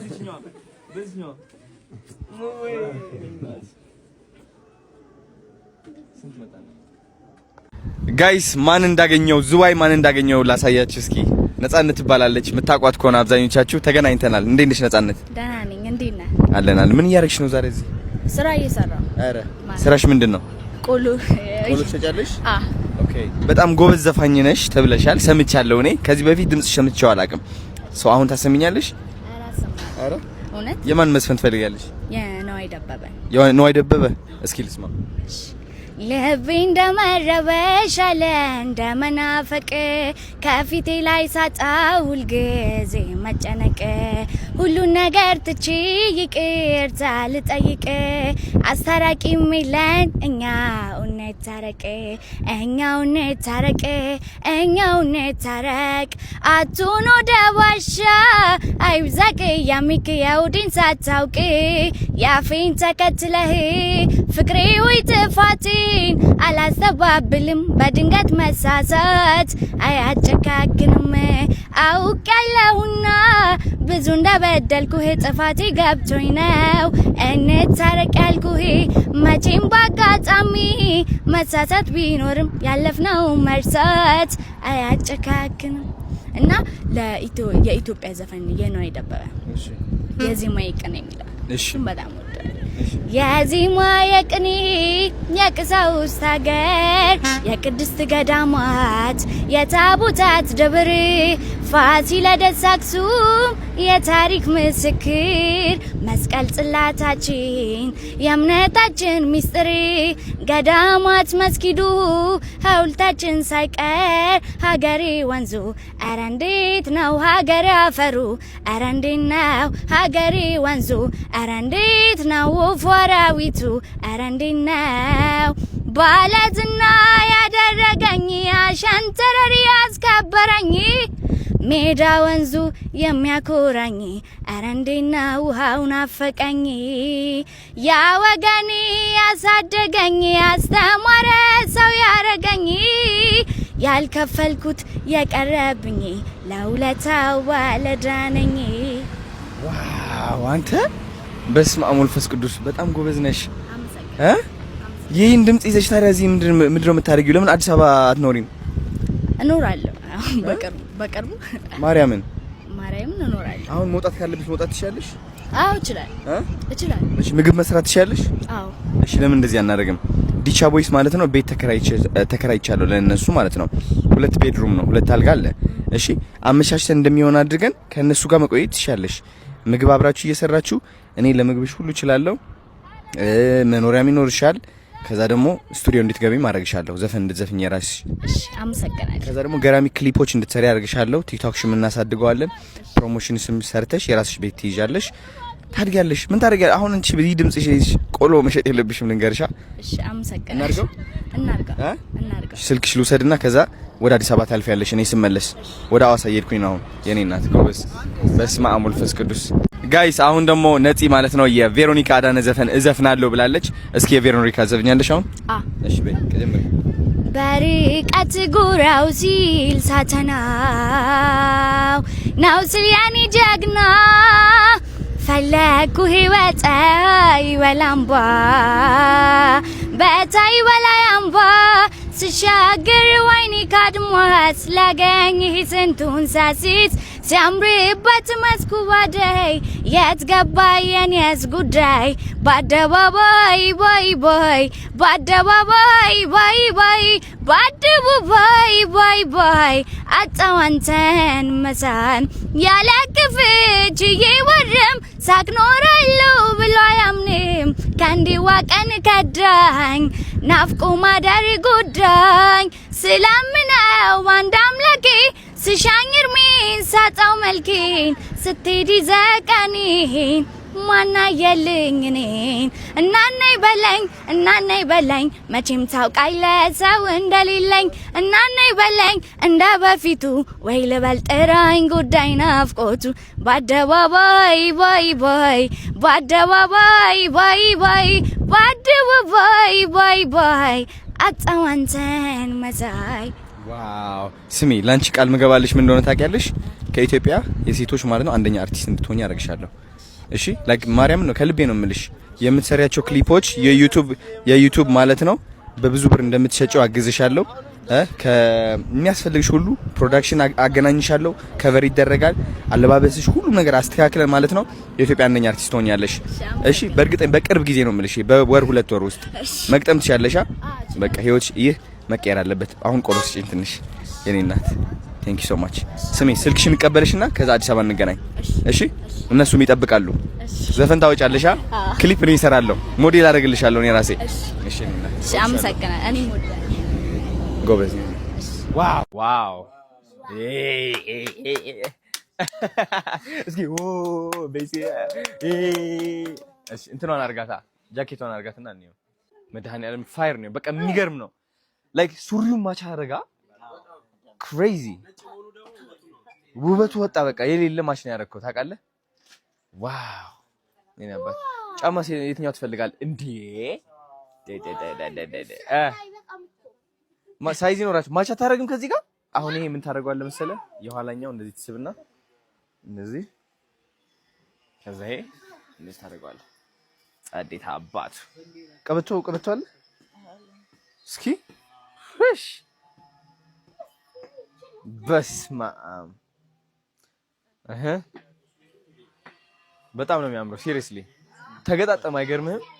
በዚህኛዋ በዚህኛዋ ወይ ጋይስ ማን እንዳገኘው ዝዋይ ማን እንዳገኘው ላሳያችሁ እስኪ። ነጻነት ትባላለች። የምታውቋት ከሆነ አብዛኞቻችሁ ተገናኝተናል። እንዴት ነሽ ነጻነት? ደህና ነኝ። እንዴት ነህ? አለናል። ምን እያደረግሽ ነው ዛሬ እዚህ? ስራ እየሰራሁ። ኧረ ስራሽ ምንድን ነው? ቆሎ ቆሎ ትሸጫለሽ? አዎ። ኦኬ። በጣም ጎበዝ ዘፋኝ ነሽ ተብለሻል፣ ሰምቻለሁ። እኔ ከዚህ በፊት ድምጽ ሰምቼው አላውቅም። ሰው አሁን ታሰሚኛለሽ? ኧረ እውነት የማን መስፈን ትፈልጋለሽ? የነዋይ ደበበ። የነዋይ ደበበ እስኪ ልስማ። ልቤ እንደመረበሽ እንደመናፈቅ ከፊቴ ላይ ሳጣ ሁልጊዜ መጨነቅ ሁሉን ነገር ትቼ ይቅርታ ልጠይቅ አስታራቂ ሚለን እኛ እውነት ታረቅ እኛ እውነት ታረቅ እኛ እውነት ታረቅ አቱን ወደ ዋሻ አይብዛቅ ያሚክ የውዲን ሳታውቅ ያፌን ተከትለህ ፍቅሬ ወይ ጥፋቴን አላስተባብልም በድንገት መሳሳት አያጨካክንም አውቃለሁና ብዙ እንደበደልኩህ ጥፋቴ ገብቶኝ ነው። እንታረቅ ያልኩህ መቼም ባጋጣሚ መሳሳት ቢኖርም ያለፍነው መርሳት አያጨካክንም እና የኢትዮጵያ ዘፈን የነዋይ ደበበ የዜማ የቅኔ የሚለው በጣም ወደ የዜማ የቅኔ የቅሳውስት ሀገር የቅድስት ገዳማት የታቦታት ደብር ፋሲለደስ አክሱም የታሪክ ምስክር መስቀል ጽላታችን የእምነታችን ሚስጥር ገዳማት መስጊዱ ሐውልታችን ሳይቀር ሀገሬ ወንዙ እረ እንዴት ነው ሀገሬ አፈሩ አረ እንዴት ነው ሀገሬ ወንዙ እረ እንዴት ነው ወፏራዊቱ አረ እንዴት ነው ባለዝና ያደረገኝ አሸንተረር ያስከበረኝ ሜዳ ወንዙ የሚያኮራኝ አረንዴና ውሃው አፈቀኝ ያ ያሳደገኝ ያስተማረ ሰው ያረገኝ ያልከፈልኩት የቀረብኝ ለውለታው ባለዳነኝ ነኝ። ዋው! አንተ በስመ አብ ወመንፈስ ቅዱስ በጣም ጎበዝ ነሽ። ይህን ድምጽ ይዘሽ ታዲያ እዚህ ምንድን ነው የምታደርጊው? ለምን አዲስ አበባ አትኖሪም? እኖራለሁ። በቅርቡ በቅርቡ ማርያምን ማርያምን እኖራለሁ። አሁን መውጣት ካለብሽ መውጣት ትችያለሽ? አዎ እችላለሁ እሺ ምግብ መስራት ትችያለሽ? አዎ። እሺ ለምን እንደዚህ አናደርግም? ዲቻ ቦይስ ማለት ነው ቤት ተከራይቻለሁ ለእነሱ ማለት ነው። ሁለት ቤድሩም ነው፣ ሁለት አልጋ አለ። እሺ አመቻችተን እንደሚሆን አድርገን ከእነሱ ጋር መቆየት ትችያለሽ። ምግብ አብራችሁ እየሰራችሁ እኔ ለምግብሽ ሁሉ እችላለሁ። መኖሪያም ይኖርሻል ከዛ ደግሞ ስቱዲዮ እንድትገቢ ማድረግሻለሁ። ዘፈን እንድትዘፍኝ የራስሽ። አመሰግናለሁ። ከዛ ደግሞ ገራሚ ክሊፖች እንድትሰሪ አድርግሻለሁ። ቲክቶክሽም እናሳድገዋለን። ፕሮሞሽን ስም ሰርተሽ የራስሽ ቤት ትይዣለሽ፣ ታድጊያለሽ። ምን ታደርጊያለሽ? አሁን እንቺ በዚህ ድምጽሽ ይዘሽ ቆሎ መሸጥ የለብሽም። ልንገርሻ። እሺ፣ አመሰግናለሁ። እናርጋ እናርገው። ስልክሽ ልውሰድና ከዛ ወደ አዲስ አበባ ታልፊያለሽ። እኔ ስመለስ ወደ አዋሳ እየሄድኩኝ ነው አሁን። የኔ እናት ጎበዝ። በስመ አብ ወልፈስ ቅዱስ ጋይስ አሁን ደግሞ ነፂ ማለት ነው የቬሮኒካ አዳነ ዘፈን እዘፍናለሁ ብላለች። እስኪ የቬሮኒካ ዘፍኛለሽ አሁን? እሺ በይ ከጀመረ በርቀት ጉራው ሲል ሳተናው ነው ስያኔ ጀግና ፈለኩ ህይወት ይወላምባ በታይ ወላይ አምባ ስሻገር ወይኒ ካድሞ ስላገኝ ስንቱን ሳሲት ሲያምርበት መስኩ ባደይ የት ገባ የኔስ ጉዳይ በአደባባይ ባይ ባይ በአደባባይ ባይ ባይ በአደባባይ ባይ ባይ አጣዋንተን መሳን ያለ ክፍች ይወርም ሳክኖራለሁ ብሎ አያምንም ከንዲዋ ቀን ከዳኝ ናፍቆ ማደር ጉዳኝ ስላምነው አንድ አምላኬ ስሻኝር እርሜን ሳጣው መልኬን ስትሄድ ዘቀኔን ማና የልኝ እኔን እናናይ በለኝ እናናይ በለኝ መቼም ታውቃለ ሰው እንደሌለኝ እናናይ በለኝ እንደ በፊቱ ወይ ልበልጥራኝ ጉዳይ ናፍቆቱ በአደባባይ ባይ ባይ በአደባባይ ባይ ባይ በአደባባይ ባይ ባይ አጣዋንተን መሳይ ዋው ስሚ ላንቺ ቃል ምገባልሽ። ምን እንደሆነ ታውቂያለሽ? ከኢትዮጵያ የሴቶች ማለት ነው አንደኛ አርቲስት እንድትሆኝ ያደርግሻለሁ። እሺ ላይክ ማርያም ነው ከልቤ ነው የምልሽ። የምትሰሪያቸው ክሊፖች የዩቲዩብ የዩቲዩብ ማለት ነው በብዙ ብር እንደምትሸጨው አግዝሻለሁ። ከሚያስፈልግሽ ሁሉ ፕሮዳክሽን አገናኝሻለሁ። ከቨር ይደረጋል። አለባበስሽ፣ ሁሉም ነገር አስተካክለን ማለት ነው የኢትዮጵያ አንደኛ አርቲስት ትሆኛለሽ። እሺ በእርግጠኝ በቅርብ ጊዜ ነው የምልሽ፣ በወር ሁለት ወር ውስጥ መቅጠም ትችያለሽ። በቃ ህይወት ይህ መቀየር አለበት። አሁን ቆሎ ስጪኝ ትንሽ የኔ እናት። ቴንኪ ሶ ማች። ስሜ ስልክሽን እቀበልሽና ከዛ አዲስ አበባ እንገናኝ እሺ? እነሱም ይጠብቃሉ። ዘፈን ታወጫለሻ? ክሊፕ ነው ይሰራለሁ። ሞዴል አደርግልሻለሁ እኔ ራሴ። እሺ እሺ፣ አመሰግናለሁ። እኔ ሞዴል ጎበዝ። ዋው ዋው! እስኪ ኦ ቤሲ እ እንትኗን አርጋታ ጃኬቷን አርጋትና ነው መድኃኒዓለም ፋየር ነው። በቃ የሚገርም ነው። ላይክ ሱሪውን ማች አደረጋ። ክሬዚ ውበቱ ወጣ። በቃ የሌለ ማሽን ነው ያደረግከው ታውቃለህ። ዋው ነበር። ጫማ የትኛው ትፈልጋል እንዴ? ሳይዝ ይኖራችሁ ማቻ አታደርግም ከዚህ ጋር። አሁን ይሄ ምን ታደርገዋለህ መሰለህ? የኋላኛው እንደዚህ ትስብና እንደዚህ ከዛ ይሄ እንደዚህ ታደርገዋለህ። ጸዴታ አባት ቀበቶ ቀበቶ አለ እስኪ በስማም አብ በጣም ነው የሚያምረው። ሲሪየስሊ ተገጣጠም አይገርምህም?